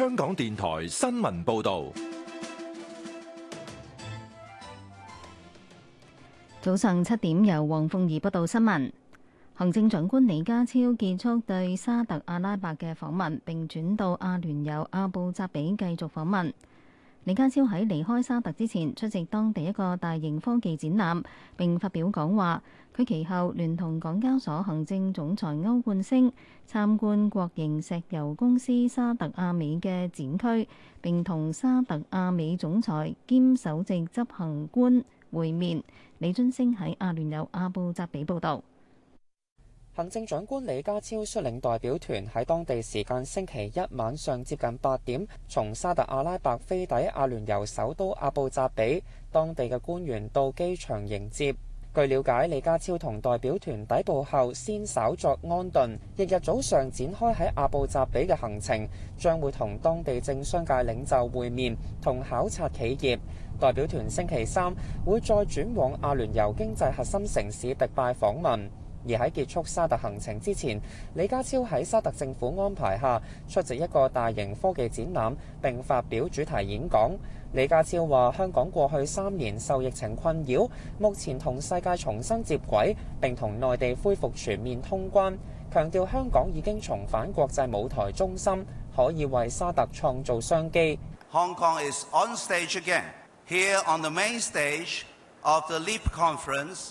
香港電台新聞報道，早上七點由黃鳳儀報道新聞。行政長官李家超結束對沙特阿拉伯嘅訪問，並轉到阿聯酋阿布扎比繼續訪問。李家超喺離開沙特之前，出席當地一個大型科技展覽並發表講話。佢其後聯同港交所行政總裁歐冠昇參觀國營石油公司沙特阿美嘅展區，並同沙特阿美總裁兼首席執行官會面。李津星喺阿聯酋阿布扎比報道。行政長官李家超率領代表團喺當地時間星期一晚上，上接近八點，從沙特阿拉伯飛抵阿聯酋首都阿布扎比，當地嘅官員到機場迎接。據了解，李家超同代表團抵埗後先稍作安頓，翌日早上展開喺阿布扎比嘅行程，將會同當地政商界領袖會面同考察企業。代表團星期三會再轉往阿聯酋經濟核心城市迪拜訪問。而喺結束沙特行程之前，李家超喺沙特政府安排下出席一個大型科技展覽，並發表主題演講。李家超話：香港過去三年受疫情困擾，目前同世界重新接軌，並同內地恢復全面通關。強調香港已經重返國際舞台中心，可以為沙特創造商機。Hong Kong is on stage again here on the main stage of the LEAP Conference.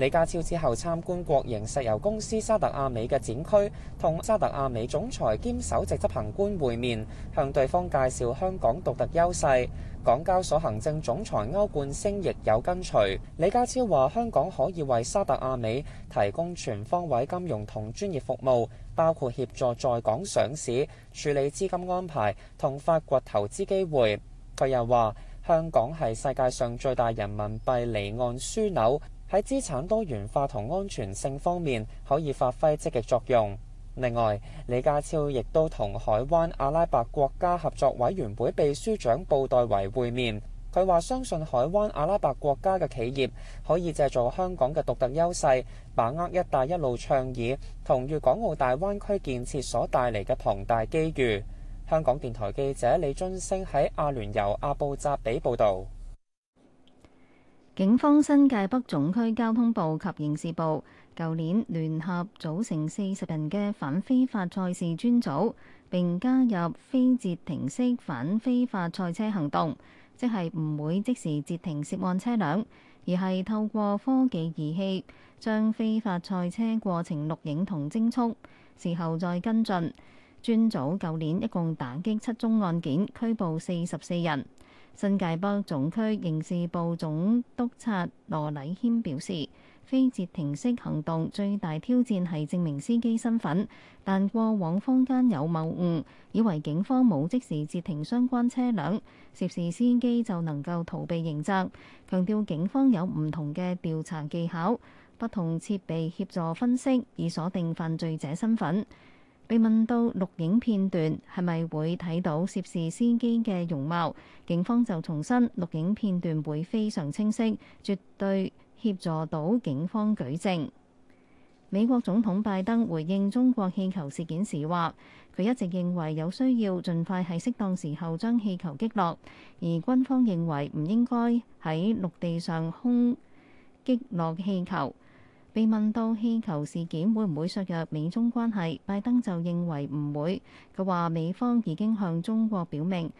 李家超之後參觀國營石油公司沙特阿美嘅展區，同沙特阿美總裁兼首席執行官會面，向對方介紹香港獨特優勢。港交所行政總裁歐冠星亦有跟隨。李家超話：香港可以為沙特阿美提供全方位金融同專業服務，包括協助在港上市、處理資金安排同發掘投資機會。佢又話：香港係世界上最大人民幣離岸樞紐。喺資產多元化同安全性方面可以發揮積極作用。另外，李家超亦都同海灣阿拉伯國家合作委員會秘書長布代維會面。佢話相信海灣阿拉伯國家嘅企業可以借助香港嘅獨特優勢，把握「一帶一路」倡議同粵港澳大灣區建設所帶嚟嘅龐大機遇。香港電台記者李津星喺阿聯酋阿布扎比報導。警方新界北總區交通部及刑事部舊年聯合組成四十人嘅反非法賽事專組，並加入非截停式反非法賽車行動，即係唔會即時截停涉案車輛，而係透過科技儀器將非法賽車過程錄影同偵測，事後再跟進。專組舊年一共打擊七宗案件，拘捕四十四人。新界北總區刑事部總督察羅禮謙表示，非截停式行動最大挑戰係證明司機身份，但過往坊間有謬誤，以為警方冇即時截停相關車輛，涉事司機就能夠逃避刑責。強調警方有唔同嘅調查技巧，不同設備協助分析，以鎖定犯罪者身份。被問到錄影片段係咪會睇到涉事司機嘅容貌，警方就重申錄影片段會非常清晰，絕對協助到警方舉證。美國總統拜登回應中國氣球事件時話，佢一直認為有需要盡快喺適當時候將氣球擊落，而軍方認為唔應該喺陸地上空擊落氣球。被問到氣球事件會唔會削弱美中關係，拜登就認為唔會。佢話：美方已經向中國表明，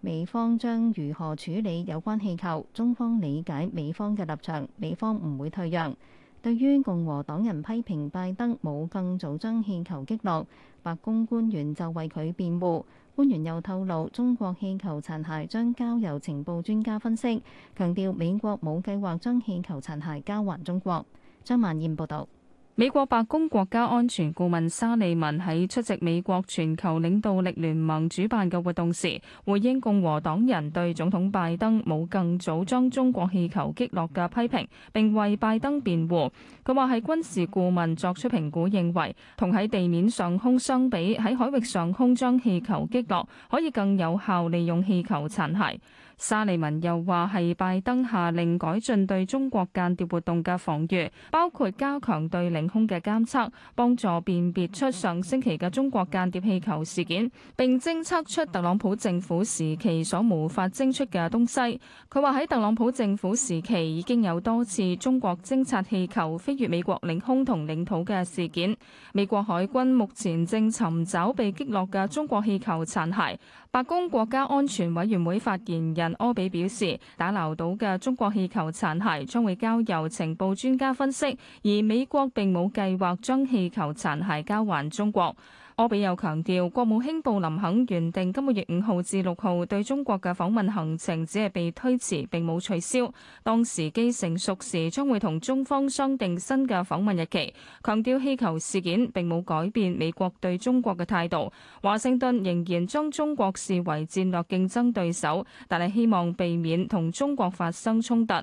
美方將如何處理有關氣球，中方理解美方嘅立場，美方唔會退讓。對於共和黨人批評拜登冇更早將氣球擊落，白宮官員就為佢辯護。官員又透露，中國氣球殘骸將交由情報專家分析，強調美國冇計劃將氣球殘骸交還中國。張曼燕報道，美國白宮國家安全顧問沙利文喺出席美國全球領導力聯盟主辦嘅活動時，回應共和黨人對總統拜登冇更早將中國氣球擊落嘅批評，並為拜登辯護。佢話係軍事顧問作出評估認為，同喺地面上空相比，喺海域上空將氣球擊落可以更有效利用氣球殘骸。沙利文又話係拜登下令改進對中國間諜活動嘅防禦，包括加強對領空嘅監測，幫助辨別出上星期嘅中國間諜氣球事件，並偵測出特朗普政府時期所無法偵出嘅東西。佢話喺特朗普政府時期已經有多次中國偵察氣球飛越美國領空同領土嘅事件。美國海軍目前正尋找被擊落嘅中國氣球殘骸。白宮國家安全委員會發言人人柯比表示，打撈到嘅中國氣球殘骸將會交由情報專家分析，而美國並冇計劃將氣球殘骸交還中國。柯比又強調，國務卿布林肯原定今個月五號至六號對中國嘅訪問行程只係被推遲，並冇取消。當時機成熟時，將會同中方商定新嘅訪問日期。強調氣球事件並冇改變美國對中國嘅態度，華盛頓仍然將中國視為戰略競爭對手，但係希望避免同中國發生衝突。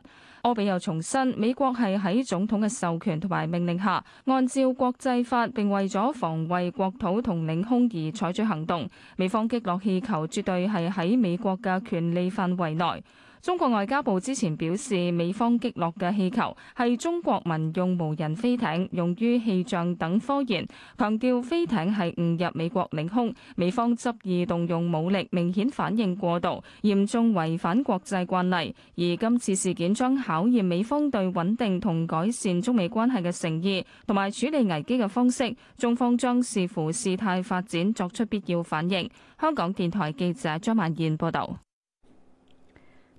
柯比又重申，美國係喺總統嘅授權同埋命令下，按照國際法並為咗防衛國土同領空而採取行動，美方擊落氣球絕對係喺美國嘅權利範圍內。中國外交部之前表示，美方擊落嘅氣球係中國民用無人飛艇，用於氣象等科研，強調飛艇係誤入美國領空，美方執意動用武力，明顯反應過度，嚴重違反國際慣例。而今次事件將考驗美方對穩定同改善中美關係嘅誠意，同埋處理危機嘅方式。中方將視乎事態發展作出必要反應。香港電台記者張曼燕報道。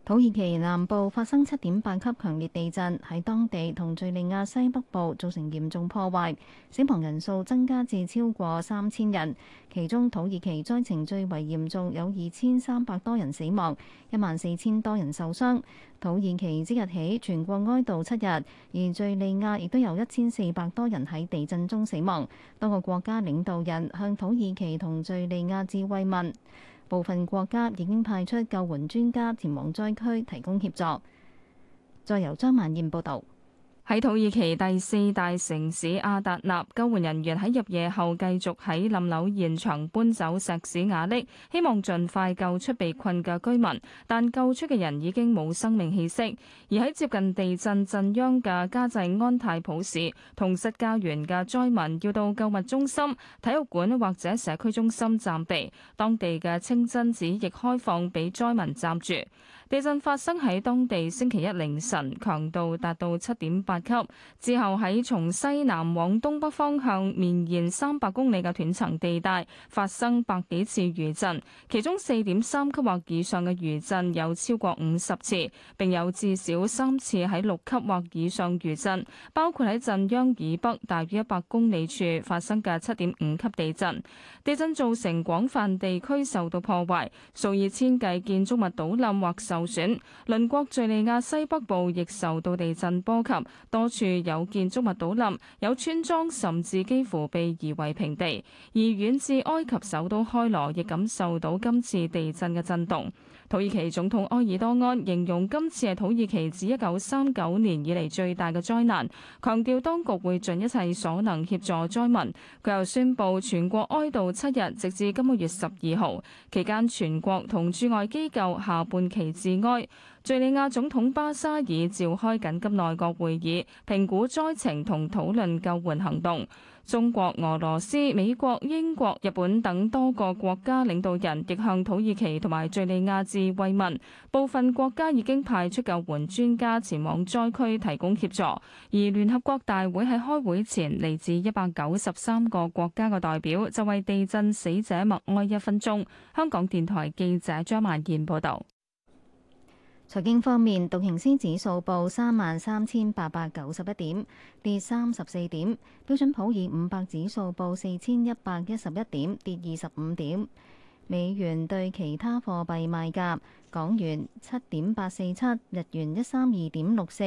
土耳其南部發生七點八級強烈地震，喺當地同敘利亞西北部造成嚴重破壞，死亡人數增加至超過三千人。其中土耳其災情最為嚴重，有二千三百多人死亡，一萬四千多人受傷。土耳其即日起全國哀悼七日，而敘利亞亦都有一千四百多人喺地震中死亡。多個國家領導人向土耳其同敘利亞致慰問。部分國家已經派出救援專家前往災區提供協助。再由張萬燕報導。喺土耳其第四大城市阿達納，救援人員喺入夜後繼續喺冧樓現場搬走石屎瓦礫，希望盡快救出被困嘅居民。但救出嘅人已經冇生命氣息。而喺接近地震震央嘅加濟安泰普市同塞家爾嘅災民要到購物中心、體育館或者社區中心暫避。當地嘅清真寺亦開放俾災民暫住。地震發生喺當地星期一凌晨，強度達到七點八。八級之後，喺從西南往東北方向綿延三百公里嘅斷層地帶發生百幾次餘震，其中四點三級或以上嘅餘震有超過五十次，並有至少三次喺六級或以上餘震，包括喺震央以北大約一百公里處發生嘅七點五級地震。地震造成廣泛地區受到破壞，數以千計建築物倒冧或受損。鄰國敘利亞西北部亦受到地震波及。多處有建築物倒冧，有村莊甚至幾乎被夷為平地，而遠至埃及首都開羅亦感受到今次地震嘅震動。土耳其總統埃爾多安形容今次係土耳其自一九三九年以嚟最大嘅災難，強調當局會盡一切所能協助災民。佢又宣布全國哀悼七日，直至今個月十二號期間，全國同駐外機構下半旗致哀。敍利亞總統巴沙爾召開緊急內閣會議，評估災情同討論救援行動。中國、俄羅斯、美國、英國、日本等多個國家領導人亦向土耳其同埋叙利亞致慰問，部分國家已經派出救援專家前往災區提供協助，而聯合國大會喺開會前嚟自一百九十三個國家嘅代表就為地震死者默哀一分鐘。香港電台記者張萬健報道。財經方面，道瓊斯指數報三萬三千八百九十一點，跌三十四點；標準普爾五百指數報四千一百一十一點，跌二十五點。美元對其他貨幣賣價：港元七點八四七，日元一三二點六四，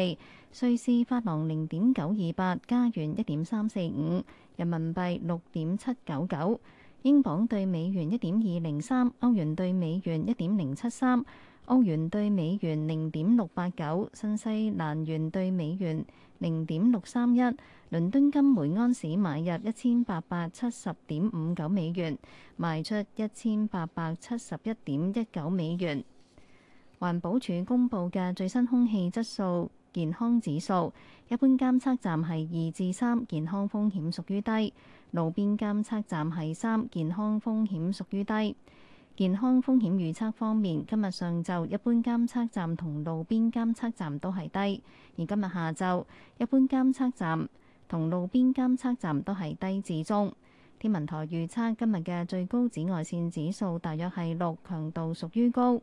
瑞士法郎零點九二八，加元一點三四五，人民幣六點七九九，英鎊對美元一點二零三，歐元對美元一點零七三。澳元對美元零點六八九，新西蘭元對美元零點六三一，倫敦金梅安市買入一千八百七十點五九美元，賣出一千八百七十一點一九美元。環保署公布嘅最新空氣質素健康指數，一般監測站係二至三，健康風險屬於低；路邊監測站係三，健康風險屬於低。健康風險預測方面，今日上晝一般監測站同路邊監測站都係低，而今日下晝一般監測站同路邊監測站都係低至中。天文台預測今日嘅最高紫外線指數大約係六，強度屬於高。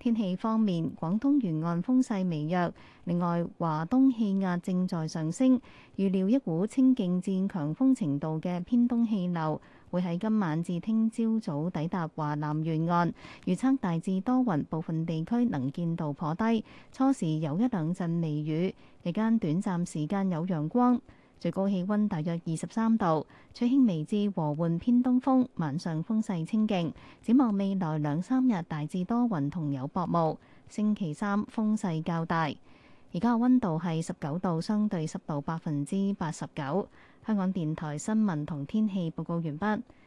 天氣方面，廣東沿岸風勢微弱，另外華東氣壓正在上升，預料一股清勁至強風程度嘅偏東氣流。會喺今晚至聽朝早抵達華南沿岸，預測大致多雲，部分地區能見度頗低，初時有一兩陣微雨，日間短暫時間有陽光，最高氣溫大約二十三度，吹輕微至和緩偏東風，晚上風勢清勁。展望未來兩三日大致多雲同有薄霧，星期三風勢較大。而家嘅溫度係十九度，相對濕度百分之八十九。香港電台新聞同天氣報告完畢。